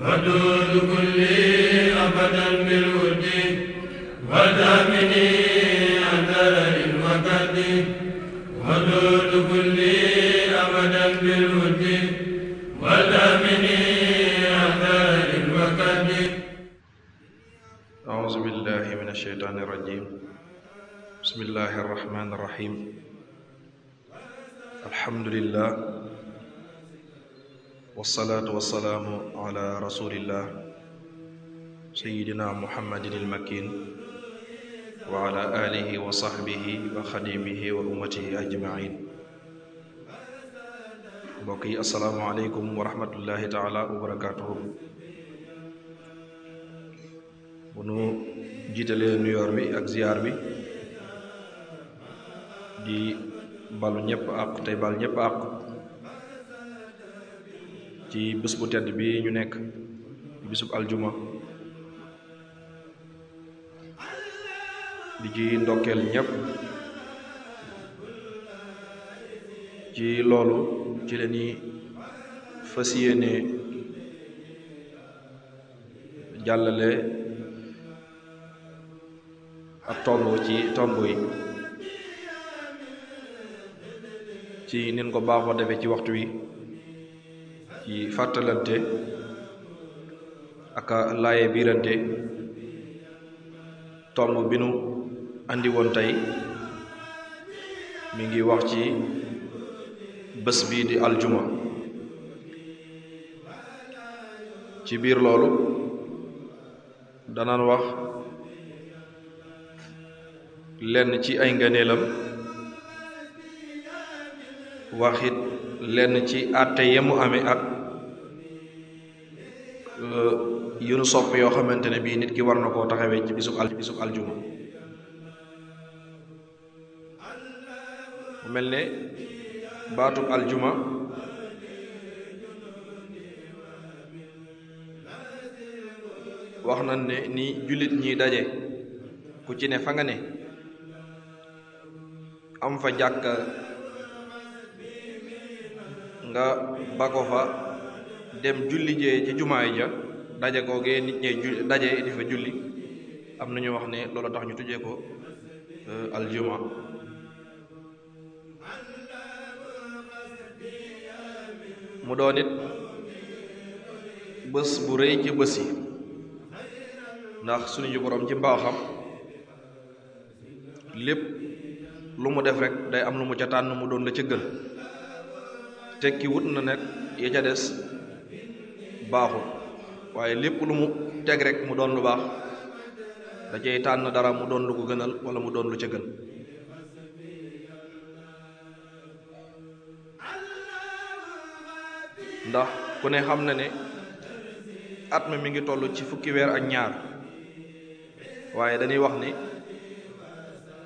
ودود كلي أبدا بالود ودامني أثر الوقت ودود كلي أبدا بالود ودامني أثر الوقت أعوذ بالله من الشيطان الرجيم بسم الله الرحمن الرحيم الحمد لله wasalaatu wasalaamu ala rasulillah sayidina muhammadin ilmakin wa ala alihi wa sahbihi wa xadimihi wa ummatihi ajmain mbokk yi asalaamu aleykum wa rahmatullahi taala wa barakatuhu bu nu jiitalee nuyoor bi ak ziyaar bi di balu ñëpp àq tey bal ñëpp àq ci bés bu tedd bi ñu nekk bésub aljuma di ci ndokkeel ñépp ci loolu ci la ñuy fas yéene jàllale ab tomb ci tomb yi ci nin ko baaxoo defe ci waxtu wi ci fàttalante aka laaye biirante tomb bi nu andi woon tey mu ngi wax ci bés bii di aljuma ci biir loolu danaan wax lenn ci ay ngëneelam waxit lenn ci àtte yemu amee ak yu nu sopp yoo xamante ne bii nit ki war na koo taxawee ci bisub al bisub aljuma mel ne baatub aljuma wax na ne ni jullit ñiy daje ku ci ne fa nga ne am fa jàkka nga bako fa dem julli jee ci jumaay ja daje googee nit ñey daje di fa julli am na ñu wax ne loola tax ñu tujjee ko euh, aljuma mu doon it bés bu rëy ci bés yi ndax suñu boroom ci mbaaxam lépp lu mu def rek day am lu mu ca tànn mu doon la ca gën tekki wut na nekk ya ca des baaxul waaye lépp lu mu teg rek mu doon lu baax da tànn dara mu doon lu ko gënal wala mu doon lu ca gën ndax ku ne xam na ne at mi mi ngi toll ci fukki weer ak ñaar waaye dañuy wax ni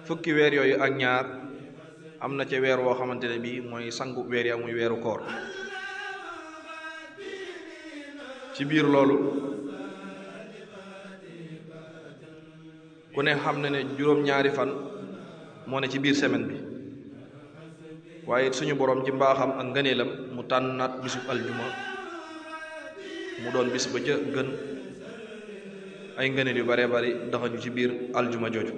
fukki weer yooyu ak ñaar am na ca weer woo xamante ne bii mooy sangu weer ya muy weeru koor ci biir loolu ku ne xam na ne juróom-ñaari fan moo ne ci biir semaine bi waaye suñu boroom ci mbaaxam ak ngëneelam mu tànnaat bisub aljuma mu doon bis ba ca gën ay ngëneel yu bare bari daxañu ci biir aljuma jooju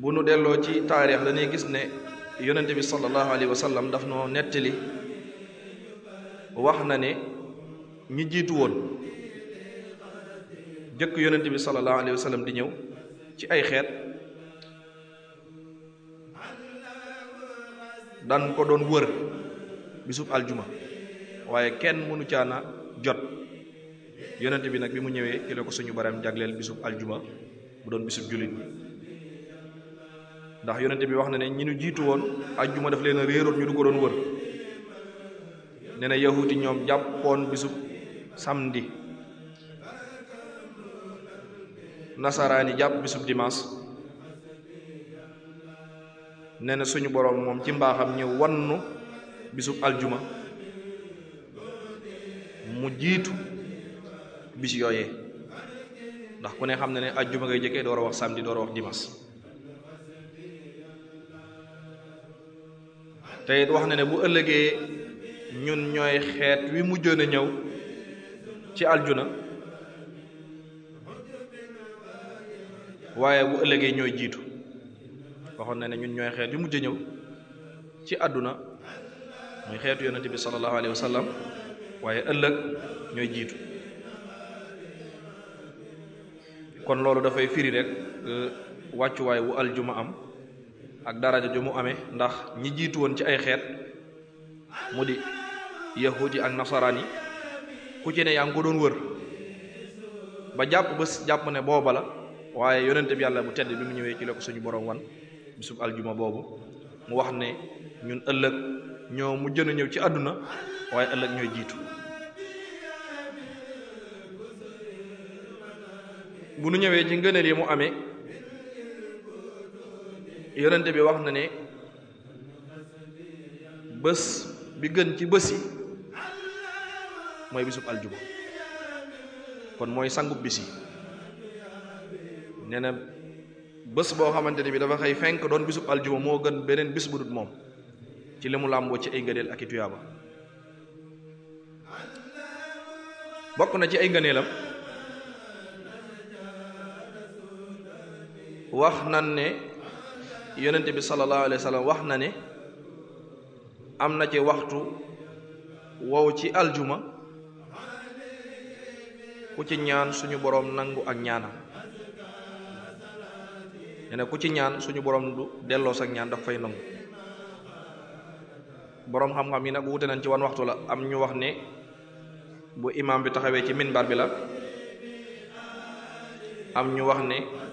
bu nu delloo ci taarix dañuy gis ne yonent bi sallallahu alayhi wa salam dafa noo nettali wax na ne ñi jiitu woon jëkk yonent bi sallallahu alayhi wa sallam di ñëw ci ay xeet daan ko doon wër bisub aljuma waaye kenn mënu caana jot yonent bi nag bi mu ñëwee ki ko suñu baram jagleel bisub aljuma bu doon bisub jullit ndax yonente bi wax na ne ñi nu jiitu woon ajjuma daf leen a réeroon ñu du ko doon wër nee na yahuti ñoom jàppoon bisub samedi nasaraani jàpp bisub dimanche nee na suñu boroom moom ci mbaaxam ñu wannu bisub aljuma mu jiitu bis yooyee ndax ku ne xam na ne ajjuma ngay jëkkee door a wax samedi door a wax dimanche te wax na ne bu ëllëgee ñun ñooy xeet wi mujjoon a ñëw ci aljuna waaye bu ëllëgee ñooy jiitu waxoon na ne ñun ñooy xeet wi mujj a ñëw ci àdduna muy xeetu yonente bi sallallahu alayhi wa waaye ëllëg ñooy jiitu kon loolu dafay firi rek euh, wàccuwaay wu aljuma am ak daraja ju mu amee ndax ñi jiitu woon ci ay xeet mu di yahudi ak nasaraan yi ku ci ne yaa ngi ko doon wër ba jàpp bés jàpp ne booba la waaye yonent yàlla bu tedd bi mu ñëwee ci la suñu borom wan bisub aljuma boobu mu wax ne ñun ëllëg ñoo mujj na ñëw ci àdduna waaye ëllëg ñooy jiitu bu nu ñëwee ci ngëneel yi mu amee yonente bi wax na ne bés bi gën ci bés yi mooy bisub aljuma kon mooy sangub bis yi nee na bés boo xamante ne bi dafa xëy fenk doon bisub aljuma moo gën beneen bis bu moom ci li mu làmboo ci ay ngëneel ak i tuyaaba bokk na ci ay ngëneelam wax nan ne yonente bi sallallahu alayhi wa wax na ne am na ci waxtu wow ci aljuma ku ci ñaan suñu boroom nangu ak ñaana nee ku ci ñaan suñu boroom du delloo sa ñaan daf fay nangu boroom xam-xam yi nag wute nañ ci wan waxtu la am ñu wax ne bu imaam bi taxawee ci minbar bi la am ñu wax ne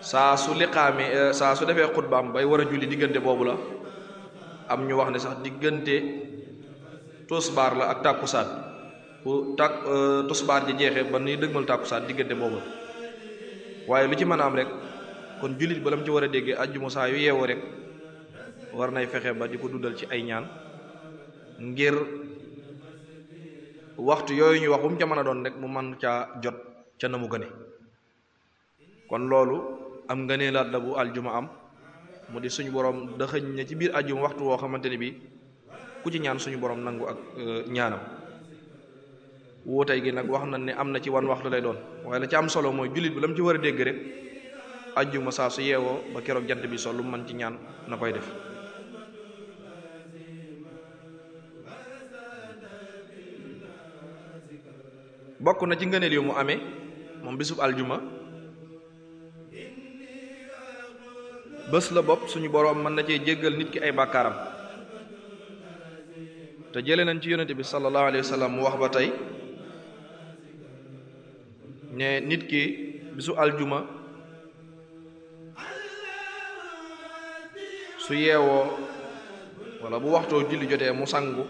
saa su liqaamee eh, saa su defee mu bay war a julli diggante boobu la am ñu wax ne sax diggante tusbaar la ak tàkkusaan bu tàk eh, tusbaar ji jeexee ba nuy dëgmal tàkkusaan diggante boobu la waaye lu ci mën a am rek kon jullit ba lam ci war a déggee ajjuma saa yu yeewoo rek war nay fexe ba di ko dundal ci ay ñaan ngir waxtu yooyu ñu wax bu mu ca mën a doon rek mu mën caa jot ca na gëne kon loolu am nga nee laat la bu aljuma am mu di suñu borom dëxëñ na ci biir aljuma waxtu woo xamante ne bi ku ci ñaan suñu borom nangu ak e, ñaanam wuutey gi nag wax na ne am na ci wan waxtu lay doon waaye la ci am solo mooy jullit bi la mu ci war a dégg rek aljuma saa su yeewoo ba keroog jant bi sol lu mën ci ñaan na koy def bokk na ci ngëneel yu mu amee moom bisub aljuma bés la bopp suñu boroom mën na cee jéggal nit ki ay bàkkaaram te jële nañ ci yonente bi sallallahu alayhi wa sallam mu wax ba tey ne nit ki su aljuma su yeewoo walla bu waxtoo julli jotee mu sangu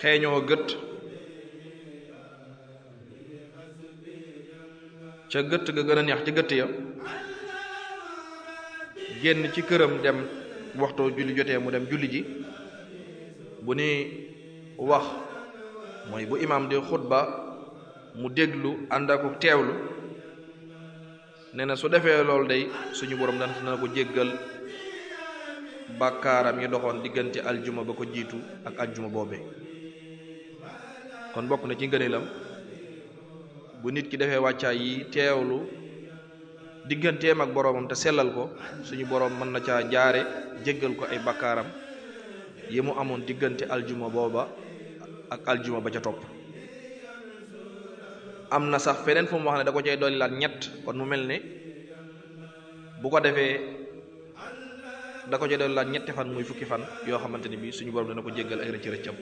xeeñoo gët ca gëtt ga gën a neex ci gëtt ya génn ci këram dem waxtoo julli jotee mu dem julli ji bu ni wax mooy bu imaam di xutba mu déglu ànd ak teewlu nee na su defee loolu day suñu borom dana dana ko jéggal bàkkaaram yi doxoon diggante aljuma ba ko jiitu ak aljuma boobe kon bokk na ci ngëneelam bu nit ki defee wàccaa yi teewlu digganteem ak boroomam te sellal ko suñu boroom mën na caa jaare jéggal ko ay bakkaaram yi mu amoon diggante aljuma booba ak aljuma ba ca topp am na sax feneen fu mu wax ne da ko cay dolli ñett kon mu mel ne bu ko defee da ko laat ñetti fan muy fukki fan yoo xamante ni bi suñu boroom dana ko jéggal ay rëcc rëccam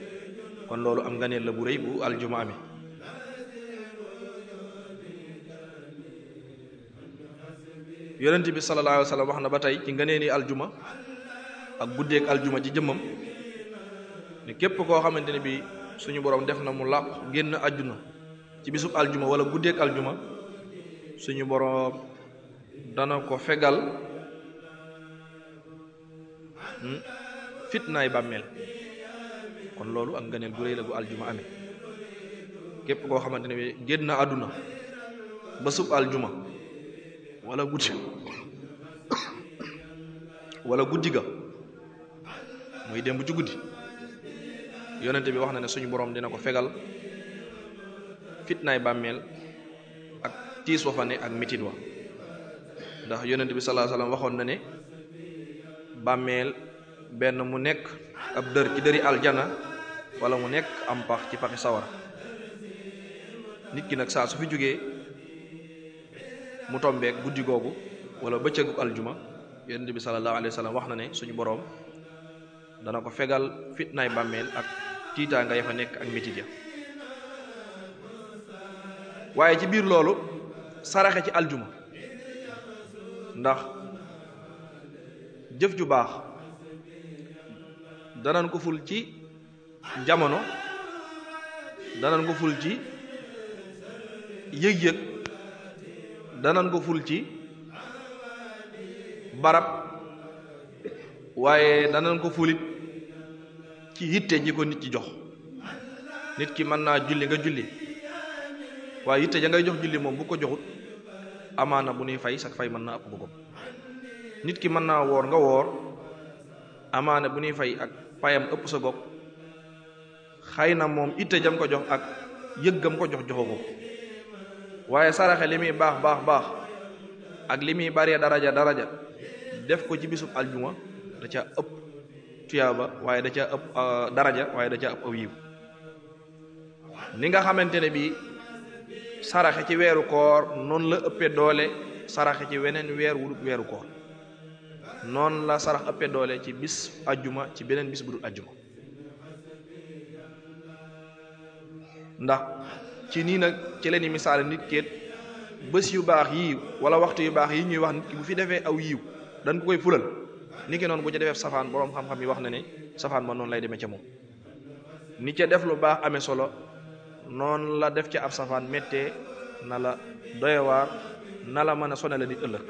kon loolu am nganeel la bu rëy bu aljuma amee yonent bi sallallahu alayhi wa wax na ba tey ci ngëneeni aljuma ak guddeeg aljuma ci jëmmam ne képp koo xamante ne bi suñu borom def na mu làq génn àjjuna ci bisub aljuma wala guddeeg aljuma suñu borom dana ko fegal hmm, fitnaay bàmmeel kon loolu ak ngëneel gu rëy la gu aljuma amee képp koo xamante ne bi génn na àdduna ba sub aljuma wala guddi guddi ga mooy démb ci guddi yonente bi wax na ne suñu borom dina ko fegal fitnaay bàmmeel ak tiis wa fa ne ak mitit wa ndax yonente bi salaa waxoon na ne bàmmeel benn mu nekk ab dër ci dëri aljana wala mu nekk am pax ci paxi sawara nit ki nag saa su fi jógee mu tombeek guddi googu wala bëccëgu aljuma yonent bi sallallahu alayhi wax na ne suñu boroom dana ko fegal fitnaay bàmmeel ak tiitaanga ya fa nekk ak métit waaye ci biir loolu saraxe ci aljuma ndax jëf ju baax danañ ko ful ci jamono danañ ko ful ci yëg-yëg danañ ko ful ci barab waaye danañ ko fulit ci yitte ji ko nit ci jox nit ki mën naa julli nga julli waaye yitte ja ngay jox julli moom bu ko joxut amaana bu nuy fay sa fay mën naa ëpp bëggam nit ki mën naa woor nga woor amaana bu nuy fay ak payam ëpp sa bopp xëy na moom itte jam ko jox ak yëggam ko jox joxoo ko waaye saraxe li muy baax baax baax ak li muy baree daraja daraja def ko ci bisu aljuma da ca ëpp tuyaaba waaye da ca ëpp euh, daraja waaye da ca ëpp aw yiw ni nga xamante ne bii saraxe ci weeru koor noonu la ëppee doole saraxe ci weneen weer wudut weeru koor noonu la sarax ëppe doole ci bis ajjuma ci beneen bis bu dul ajjuma ndax ci nii nag ci leen misaale nit keet bés yu baax yii wala waxtu yu baax yi ñuy wax nit ki bu fi defee aw yiiw dañ ko koy fulal ni ki noonu bu ca defee safaan boroom xam-xam yi wax na ne safaan ma noonu lay demee ca moom ni ca def lu baax ame solo noonu la def ca ab safaan méttee na la doyewaar na la mën a sone la nit ëllëg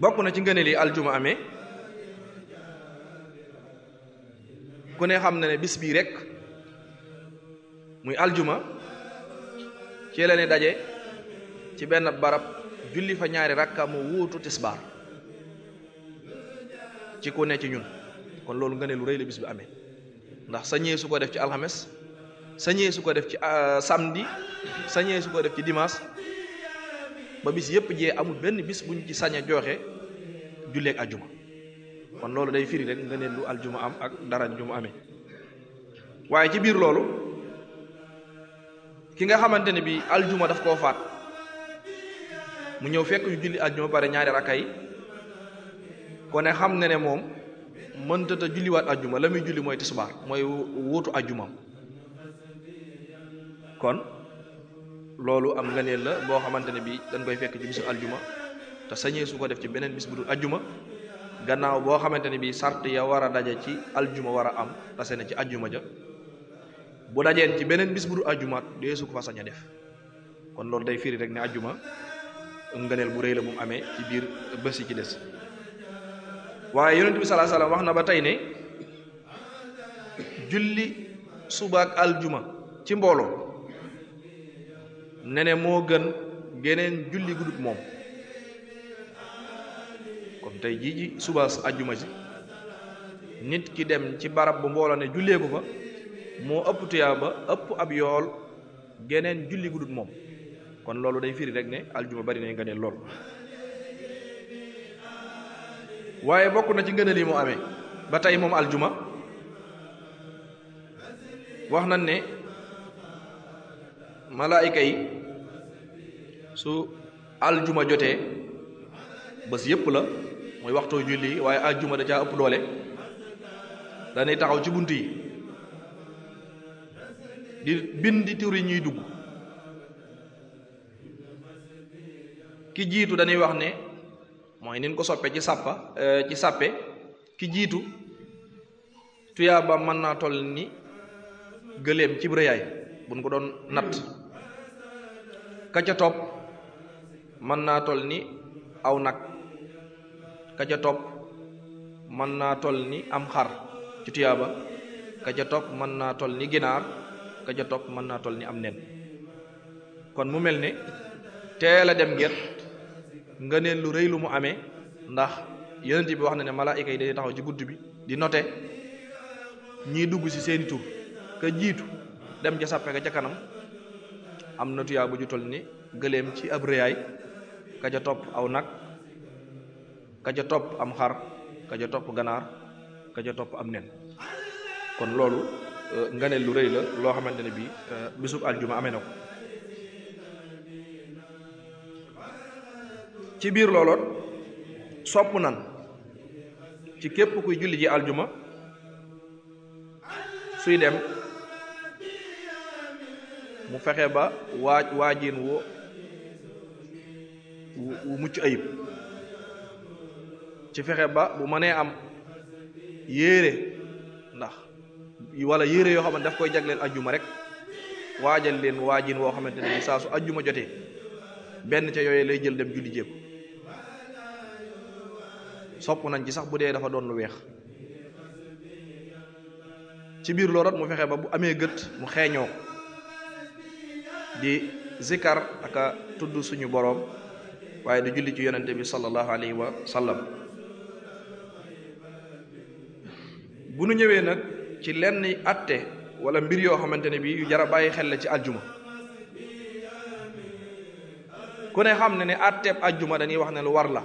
bokk na ci ngëneel yi aljuma amee ku ne xam na ne bis bii rek muy aljuma ci la ne daje ci benn barab julli fa ñaari rakka mu wuutu tisbaar ci ku ne ci ñun kon loolu nga ne lu rëy la bis bi amee ndax sañee su ko def ci alxames sañee su ko def ci euh, samdi sañee su ko def ci dimanche ba bis yépp jee amul benn bis buñ ci sañe a joxe julleeg aljuma kon loolu day firi rek nga ne lu aljuma am ak dara juma amee waaye ci biir loolu ki nga xamante ne bi aljuma daf koo faat mu ñëw fekk ñu julli aljuma pare ñaari rakka yi kone xam ne ne moom mënta ta julliwaat aljuma la muy julli mooy tisbaar mooy wóotu aljumam kon loolu am ngëneel la boo xamante ne bi dañ koy fekk ci si aljuma te sañee su ko def ci beneen bis bu dul aljuma gannaaw boo xamante ne bi sart ya war a daje ci aljuma war a am tase na ci aljuma ja bu dajeen ci beneen bis bu du àjjumaat dee su ko fa sañ a def kon loolu day firi rek ne àjjuma ngëneel bu rëy la bu mu amee ci biir bés yi ci des waaye yonent bi salaa wax na ba tey ne julli subaak aljuma ci mbooloo ne ne moo gën geneen julli gudut moom comme tey jii ji subaas aljuma si nit ki dem ci barab bu mbooloo ne jullee ko fa moo ëpp tuyaaba ëpp ab yool geneen julli gudut moom kon loolu day firi rek ne aljuma bari na nga ne lool waaye bokk na ci ngëneel yi mu amee ba tey moom aljuma wax nañ ne malaayika yi su aljuma jotee bés yépp la mooy waxtoo julli waaye aljuma da caa ëpp doole danay taxaw ci bunt yi di bind tur ñuy dugg ki jiitu dañuy wax ne mooy nin ko soppe ci sàppa euh, ci sàppe ki jiitu tuyaaba mën naa toll ni gëléem ci rëyaay buñ ko doon natt ka ca topp mën naa toll ni aw nag ka ca topp mën naa toll ni am xar ci tuyaaba ka topp mën naa toll ni ginaar ka ca topp mën naa toll ni am nen kon mu mel ni teel dem get nga neen lu rëy lu mu amee ndax yonent bi wax na ne malaayika yi day taxaw ci gudd bi di note ñiy dugg ci seen tur ka jiitu dem ca sàppe ka ca kanam am na tuyaa bu ju toll ni gëléem ci ab rëyaay ka topp aw nag ka ca topp am xar ka topp ganaar kaja topp am nen kon loolu nga lu rëy la loo xamante ne bii euh, bisub aljuma amee na ko ci biir looloon sopp nan ci képp kuy julli ji aljuma suy dem mu fexe ba waaj waajiin wo wu mucc ayib ci fexe ba bu mënee am yére ndax wala yére yoo xamante daf koy jagleel ajjuma rek waajal leen waajin woo xamante ne saa su ajjuma jotee benn ca yooyu lay jël dem julli jéem sopp nañ ci sax bu dee dafa doon lu weex ci biir loolu mu fexe ba bu amee gët mu xeeñoo di zikar ak tudd suñu boroom waaye di julli ci yonente bi sallallahu alayhi wa sallam bu nu ñëwee nag ci lenn atte wala mbir yoo xamante ne bii yu jar a bàyyi xel la ci aljuma ku ne xam ne ne atteeb aljuma dañuy wax ne lu war la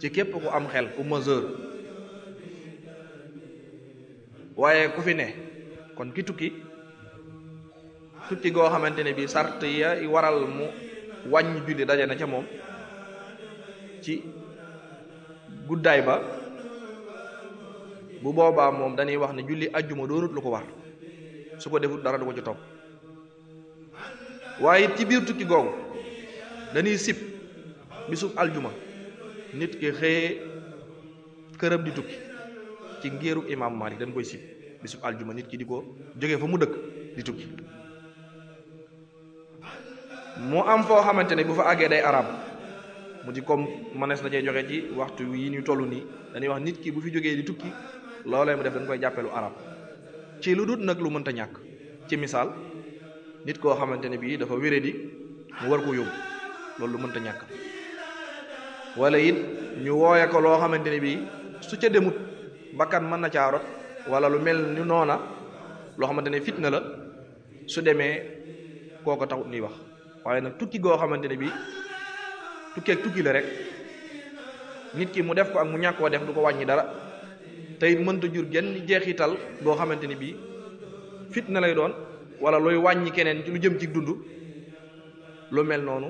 ci képp ku am xel ku majeur waaye ku fi ne kon ki tukki tukki goo xamante ne bii sart waral mu wàññ julli daje na ca moom ci guddaay ba bu boobaa moom dañuy wax ne julli ajjuma doonut lu ko war su ko defut dara du ko ci topp waaye ci biir tukki googu dañuy sib bisub aljuma nit ki xëyee këram di tukki ci ngéeru imam Malik dañ koy sib bisub aljuma nit ki di ko jóge fa mu dëkk di tukki mu am foo xamante ne bu fa àggee day arab mu di comme manees na cee joxe ci waxtu yi ñu toll nii dañuy wax nit ki bu fi jógee di tukki loolee mu def dañ koy jàppee lu arab ci lu dut nag lu mënta ñàkk ci misaal nit koo xamante ne bii dafa wéradi mu war ko yóbbu loolu lu mënta ñàkk walla it ñu wooye ko loo xamante ne bii su ca demut bakkan mën na caa rot wala lu mel ni noona loo xamante ne fitna la su demee koo ko taxut nuy wax waaye nag tukki goo xamante ne bii tukkeeg tukki la rek nit ki mu def ko ak mu ñàkk koo def du ko wàññi dara tey mënta jur genn jeexital boo xamante ni bii na lay doon wala looy wàññi keneen ci lu jëm ci dund lu mel noonu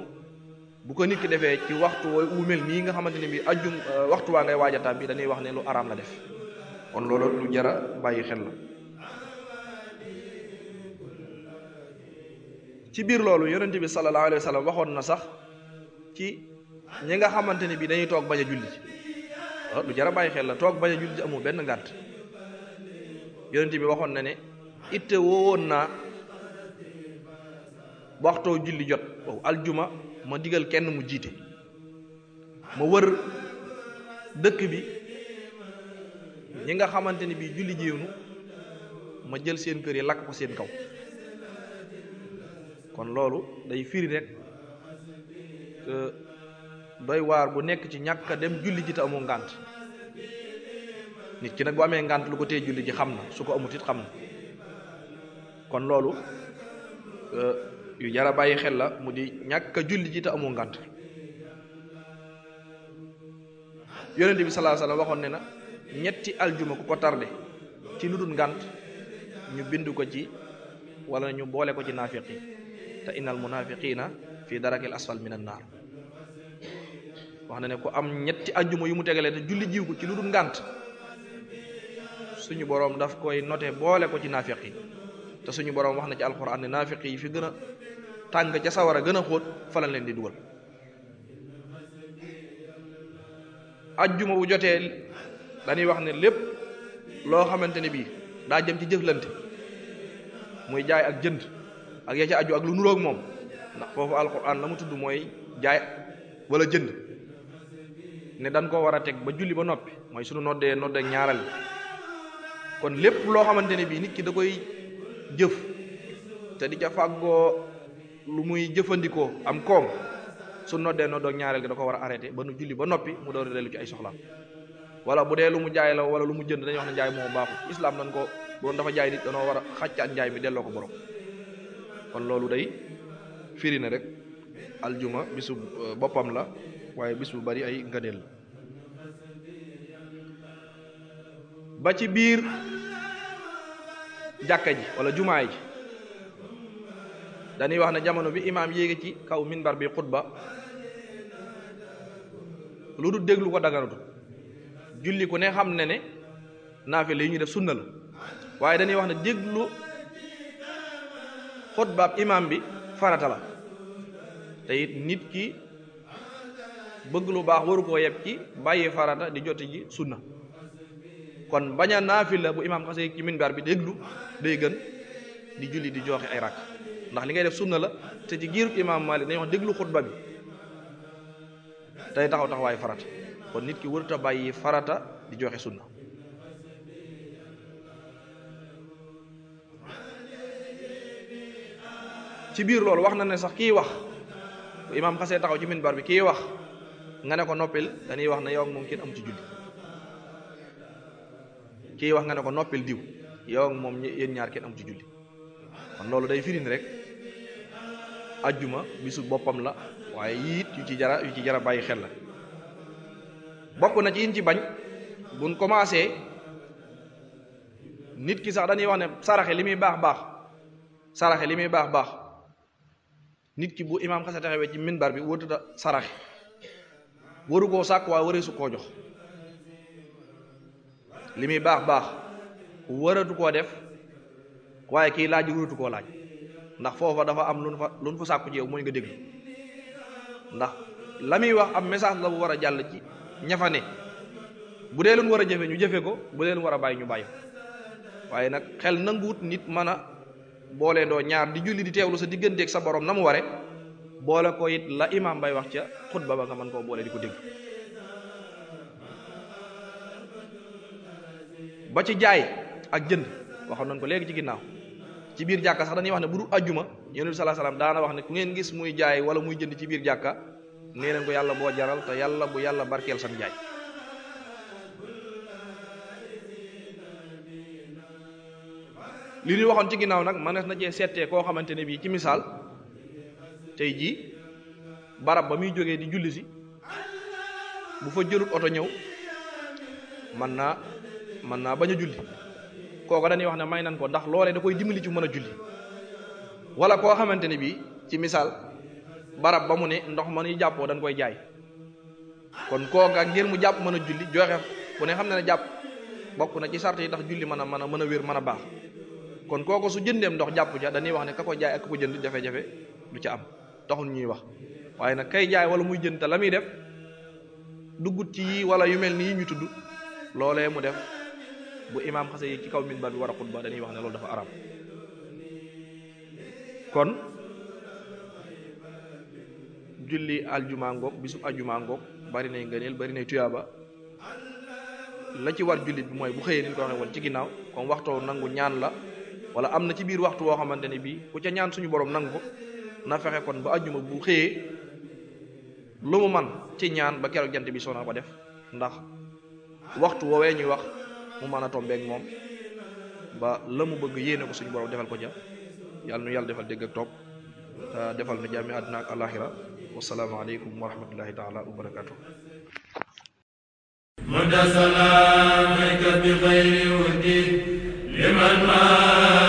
bu ko nit defee ci waxtu wu mel nii nga xamante ni bii ajjum euh, waxtu waa ngay waaja bi dañuy wax ne lu araam la def kon loolu lu jara bàyyi xel la ci biir loolu yonente bi sallallahu alayhi waxoon na sax ci ñi nga xamante ni bii dañuy toog bañ a julli lu jar a xel la toog bañ a julli amul benn ngànt yonent bi waxoon na ne itte woowoon naa waxtoo julli jot waaw aljuma ma digal kenn mu jiite ma wër dëkk bi ñi nga xamante ni bii julli jiwnu ma jël seen kër yi lakk ko seen kaw kon loolu day firi rek doy waar bu nekk ci ñàkk dem julli ji te amoo ngànt nit ki nag bu amee ngànt lu ko tee julli ji xam na su ko amut it xam na kon loolu euh, yu jara bàyyi xel la mu di ñàkk a julli ji te amoo ngànt yonente bi salaa sallam waxoon ne na ñetti aljuma ku ko tardé ci lu dul ngànt ñu bind ko ci wala ñu boole ko ci naafiq yi te innal munafiqina fi darakil asfal min an naar wax na ne ku am ñetti ajjuma yu mu tegalee te julli jiw ko ci lu dul ngànt suñu boroom daf koy note boole ko ci naafiq yi te suñu boroom wax na ci alxuraan ne naafiq yi fi gën a tàng ca sawara gën a xóot fa lañ leen di dugal ajjuma bu jotee dañuy wax ne lépp loo xamante ne bii daa jëm ci jëflante muy jaay ak jënd ak ya ca aju ak lu nuroog moom ndax foofu alxuraan la mu tudd mooy jaay wala jënd ne dañ koo war a teg ba julli ba noppi mooy suñu noddee nodd ak ñaareel kon lépp loo xamante ne bii nit ki da koy jëf te di ca fàggoo lu muy jëfandikoo am koom su noddee nodd ak ñaareel gi da ko war a arrêté ba nu julli ba noppi mu door dellu ci ay soxlaam wala bu dee lu mu jaay la wala lu mu jënd dañuy wax ne jaay moo baaxul islaam nan ko bu dafa jaay nit danoo war a xàccaat njaay mi delloo ko borom kon loolu day firi na rek aljuma bisu euh, boppam la waaye bis bu bari ay ngëneel la ba ci biir jàkka ji wala jumaa ji dañuy wax na jamono bi imaam yéegi ci kaw minbar bi xutba lu du déglu ko daganatu julli ku ne xam ne ne naafile yi ñu def sunna la waaye dañuy wax ne déglu xutbaab imaam bi farata la te nit ki bëgg lu baax waru koo yeb ci bàyyi farata di joti ji sunna kon bañ a naafila bu imaam xasee ci minbar bi déglu day gën di julli di joxe ay rakk ndax li ngay def sunna la te ci giiru imaam Maalik dañuy wax déglu xutba bi tey taxaw taxawaayu farata kon nit ki warut a bàyyi farata di joxe sunna ci biir loolu wax na ne sax kiy wax bu imaam xasee taxaw ci minbar bi kiy wax nga ne ko noppil dañuy wax na yow ak moom kenn amu ci julli kii wax nga ne ko noppil diw yow moom yéen ñaar kenn amu ci julli kon loolu day firin rek ajjuma bisu boppam la waaye yiit yu ci jara yu ci jara bàyyi xel la bokk na ci yin ci bañ buñ commencé nit ki sax dañuy wax ne saraxe li muy baax baax saraxe li muy baax baax nit ki bu imaam xasa taxawee ci minbar bi wóotuta saraxe waru koo sàkk waaye waree koo jox li muy baax baax waratu koo def waaye kii laaj waratu koo laaj ndax foofa dafa am lu fa lu fa sàkku ci yow mooy nga déglu ndax la muy wax am message la bu war a jàll ci ñafane bu dee lu war a jëfe ñu jëfe ko bu dee lu war a bàyyi ñu bàyyi ko waaye nag xel nanguwut nit mën a boole doo ñaar di julli di teewlu sa digganteeg sa borom na mu ware boole ko it la imaam bay wax ca xutba ba nga mën koo boole di ko dégg ba ci jaay ak jënd waxoon nañ ko léegi ci ginnaaw ci biir jàkka sax dañuy wax ne bu dul ajjuma yonent bi sallallahu daana wax ne ku ngeen gis muy jaay wala muy jënd ci biir jàkka nee nañ ko yàlla boo jaral te yàlla bu yàlla barkeel sam jaay li ñuy waxoon ci ginnaaw nag mënees na jee seetee koo xamante ne bii ci misaal tey jii barab ba muy jógee di julli si bu fa jëlut oto ñëw man naa mën naa bañ a julli kooku dañuy wax ne may nan ko ndax loolee da koy dimbali ci mën a julli wala koo xamante ni bii ci misaal barab ba mu ne ndox ma nuy jàppoo dañ koy jaay kon kooka ngir mu jàpp mën a julli joxe ku ne xam na ne jàpp bokk na ci sart yi tax julli mën a mën a mën a wér mën a baax kon kooku su jëndeem ndox jàpp ja dañuy wax ne ka ko jaay ak ka ko jënd jafe-jafe du ca am taxul ñuy wax waaye nag kay jaay wala muy jënd te la muy def duggut ci yii wala yu mel ni yi ñu tudd loolee mu def bu imaam xase yi ci kaw minbar bi war a xutba dañuy wax ne loolu dafa arab kon julli aljuma ngoog bisu aljuma ngoog bari nay ngëneel bari nay tuyaaba la ci war jullit bi mooy bu xëyee ni ko waxee woon ci ginnaaw comme waxtoo nangu ñaan la wala am na ci biir waxtu woo xamante ne bii ku ca ñaan suñu borom nangu ko na fexe kon ba ajjuma bu xëyee lu mu man ci ñaan ba keroog jant bi soo na def ndax waxtu woowee ñuy wax mu mën a tombeek moom ba la mu bëgg yéene ko suñu borom defal ko ja yàlla nu yàlla defal dégg ak topp te defal nu jàmmi àdduna ak alaxira wasalaamu aleykum wa rahmatullahi taala wa barakatuh مد سلامك بغير ودي لمن ما